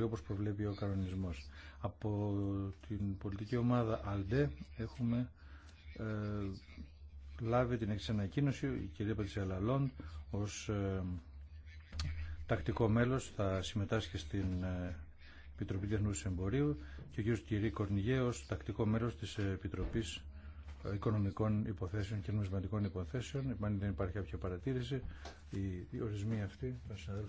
Όπω όπως προβλέπει ο κανονισμός. Από την πολιτική ομάδα ΑΛΔΕ έχουμε ε, λάβει την εξανακοίνωση η κυρία Πατσιαλαλών ως ε, τακτικό μέλος θα συμμετάσχει στην ε, Επιτροπή Διεθνούς Εμπορίου και ο κύριος Κυρί Κορνιγέ ως τακτικό μέλος της Επιτροπής ε, Οικονομικών Υποθέσεων και Νομισματικών Υποθέσεων. Αν δεν υπάρχει κάποια παρατήρηση, οι ορισμοί αυτοί θα